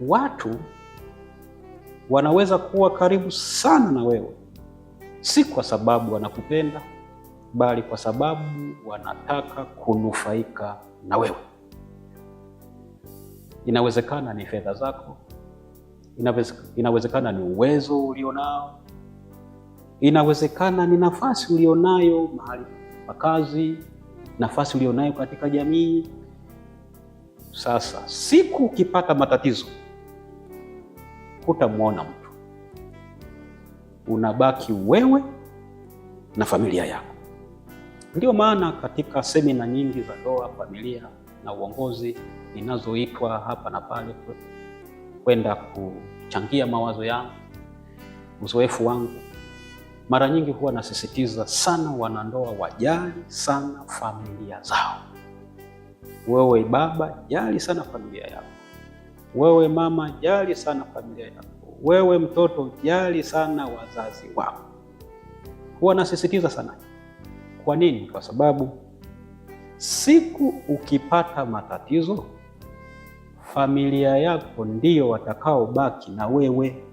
Watu wanaweza kuwa karibu sana na wewe, si kwa sababu wanakupenda, bali kwa sababu wanataka kunufaika na wewe. Inawezekana ni fedha zako, inawezekana ni uwezo ulionao, inawezekana ni nafasi ulionayo mahali pa kazi, nafasi ulionayo katika jamii sasa siku ukipata matatizo, hutamwona mtu, unabaki wewe na familia yako. Ndiyo maana katika semina nyingi za ndoa, familia na uongozi ninazoitwa hapa na pale kwenda kuchangia mawazo yangu, uzoefu wangu, mara nyingi huwa nasisitiza sana wanandoa wajali sana familia zao. Wewe baba, jali sana familia yako. Wewe mama, jali sana familia yako. Wewe mtoto, jali sana wazazi wako. Huwa nasisitiza sana. Kwa nini? Kwa sababu siku ukipata matatizo, familia yako ndiyo watakaobaki na wewe.